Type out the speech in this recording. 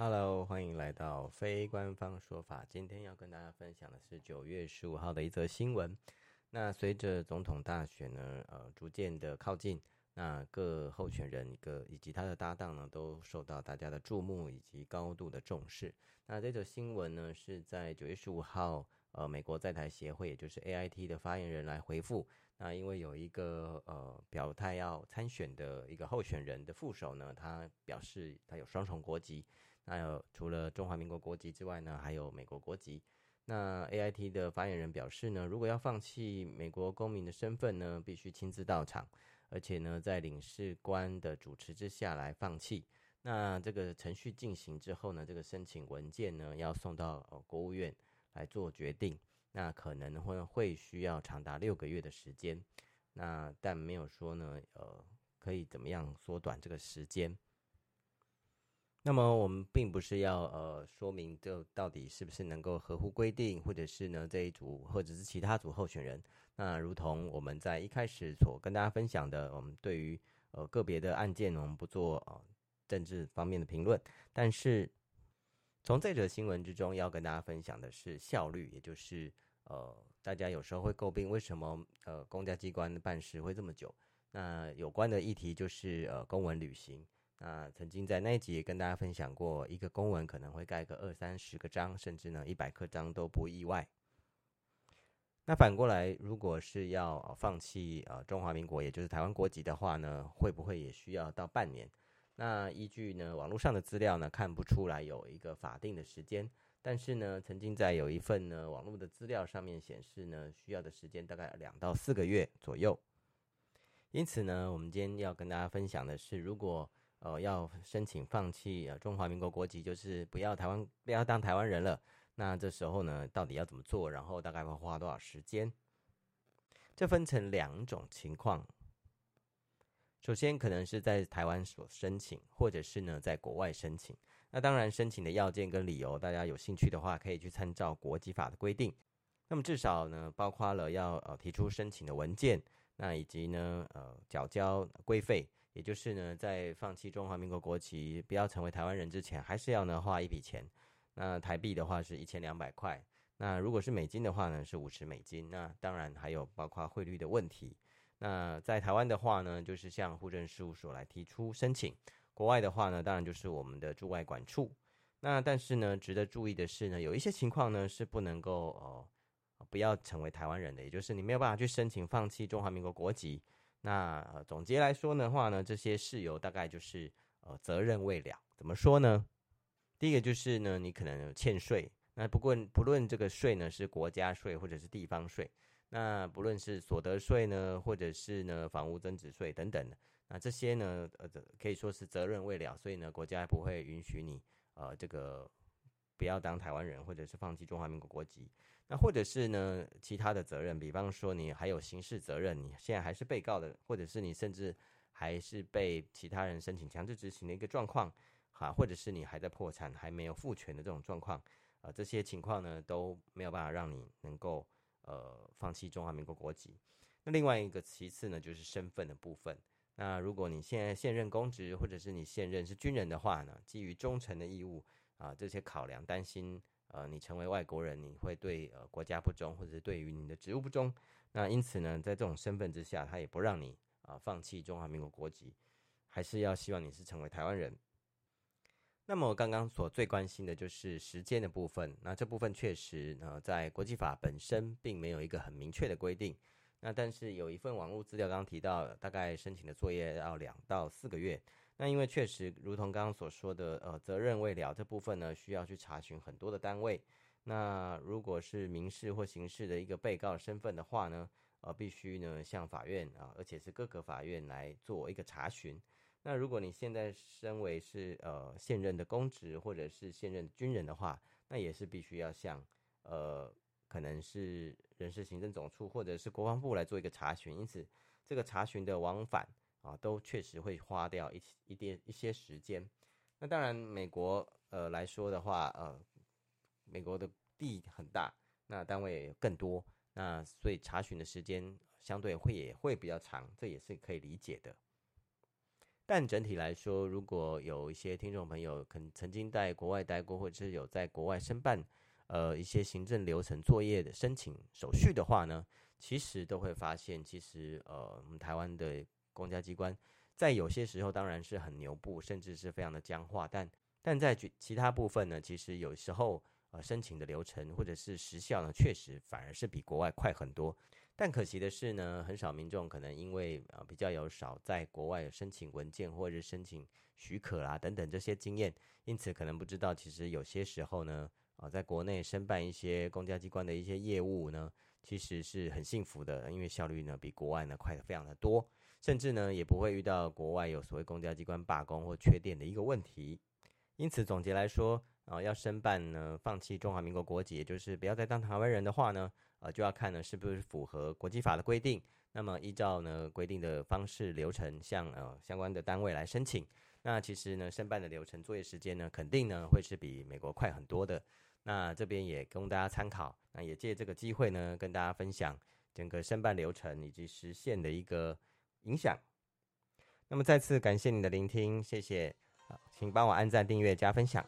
Hello，歡迎來到非官方說法。今天要跟大家分享的是九月十五號的一則新聞。那隨着總統大選呢，呃，逐漸的靠近，那各候選人各以及他的搭檔呢，都受到大家的注目以及高度的重視。那這則新聞呢，是在九月十五號，呃，美國在台協會，也就是 AIT 的發言人來回復。那因為有一個呃表態要參選的一個候選人的副手呢，他表示他有雙重國籍。還有，除了中華民國國籍之外呢，還有美國國籍。那 AIT 的發言人表示呢，如果要放棄美國公民的身份呢，必須親自到場，而且呢，在領事官的主持之下來放棄。那這個程序進行之後呢，這個申請文件呢要送到，呃，國務院來做決定。那可能會會需要長達六個月的時間。那但沒有說呢，呃，可以怎麼樣縮短這個時間。那麼我們並不是要呃說明這到底是不是能夠合乎規定，或者是呢這一組或者是其他組候選人，那如同我們在一開始所跟大家分享的，我們對於呃個別的案件，我們不做呃政治方面的評論。但是從這則新聞之中要跟大家分享的是效率，也就是呃大家有時候會詬病為什麼呃公家機關辦事會這麼久。那有關的議題就是呃公文旅行。那曾經在那一集也跟大家分享過，一個公文可能會蓋個二三十個章，甚至呢一百個章都不意外。那反過來，如果是要放棄呃中華民國，也就是台灣國籍的話呢，會不會也需要到半年？那依據呢網絡上的資料呢，看不出來有一個法定的時間，但是呢曾經在有一份呢網絡的資料上面顯示呢，需要的時間大概兩到四個月左右。因此呢，我們今天要跟大家分享的是，如果呃，要申請放棄、呃、中華民國國籍，就是不要台灣，不要當台灣人了。那這時候呢，到底要怎麼做？然後大概會花多少時間？這分成兩種情況。首先，可能是在台灣所申請，或者是呢在國外申請。那當然，申請的要件跟理由，大家有興趣的話，可以去參照國籍法的規定。那麼至少呢，包括了要呃提出申請的文件，那以及呢呃繳交規費。也就是呢，在放棄中華民國國籍、不要成為台灣人之前，還是要呢花一筆錢。那台幣的話是一千兩百塊，那如果是美金的話呢是五十美金。那當然還有包括匯率的問題。那在台灣的話呢，就是向戶政事務所來提出申請；國外的話呢，當然就是我們的駐外館處。那但是呢，值得注意的是呢，有一些情況呢是不能夠哦，不要成為台灣人的，也就是你沒有辦法去申請放棄中華民國國籍。那，呃，總結來說的話呢，這些事由大概就是呃責任未了。怎麼說呢？第一個就是呢，你可能欠稅。那不過不論這個稅呢是國家稅或者是地方稅，那不論是所得稅呢，或者是呢房屋增值稅等等的，那這些呢呃可以說是責任未了，所以呢國家不會允許你呃這個。不要當台灣人，或者是放棄中華民國國籍，那或者是呢其他的責任，比方說你還有刑事責任，你現在還是被告的，或者是你甚至還是被其他人申請強制執行的一個狀況，啊，或者是你還在破產，還沒有復權的這種狀況，啊、呃，這些情況呢都沒有辦法讓你能夠呃放棄中華民國國籍。那另外一個，其次呢就是身份的部分，那如果你現在現任公職，或者是你現任是軍人的話呢，基於忠誠的義務。啊，這些考量、擔心，呃，你成為外國人，你會對呃國家不忠，或者是對於你的職務不忠。那因此呢，在這種身份之下，他也不讓你啊、呃、放棄中華民國國籍，還是要希望你是成為台灣人。那麼我剛剛所最關心的就是時間的部分。那這部分確實，呢、呃、在國際法本身並沒有一個很明確的規定。那但是有一份網絡資料剛剛提到，大概申請的作業要兩到四個月。那因為確實，如同剛剛所說的，呃，責任未了這部分呢，需要去查詢很多的單位。那如果是民事或刑事的一個被告身份的話呢，呃，必須呢向法院啊，而且是各個法院來做一個查詢。那如果你現在身為是呃現任的公職或者是現任軍人的話，那也是必須要向呃可能是人事行政總處或者是國防部來做一個查詢。因此，這個查詢的往返。啊，都確實會花掉一一點一些時間。那當然，美國呃來說的話，呃，美國的地很大，那單位也更多，那所以查詢的時間相對會也會比較長，這也是可以理解的。但整體來說，如果有一些聽眾朋友可能曾經在國外待過，或者是有在國外申辦呃一些行政流程作業的申請手續的話呢，其實都會發現，其實呃，我們台灣的。公家機關在有些時候當然是很牛步，甚至是非常的僵化但但在其他部分呢，其實有時候呃申請的流程或者是時效呢，確實反而是比國外快很多。但可惜的是呢，很少民眾可能因為呃比較有少在國外有申請文件或者是申請許可啦等等這些經驗，因此可能不知道其實有些時候呢啊、呃、在國內申辦一些公家機關的一些業務呢，其實是很幸福的，因為效率呢比國外呢快得非常的多。甚至呢，也不會遇到國外有所謂公交機關罷工或缺電的一個問題。因此，總結來說，呃，要申辦呢，放棄中華民國國籍，也就是不要再當台灣人的話呢，呃，就要看呢是不是符合國際法的規定。那麼，依照呢規定的方式流程向，向呃相關的單位來申請。那其實呢，申辦的流程作業時間呢，肯定呢會是比美國快很多的。那這邊也供大家參考。那也借這個機會呢，跟大家分享整個申辦流程以及實現的一個。影響。那麼，再次感謝你的聆聽，謝謝。請幫我按讚、訂閱、加分享。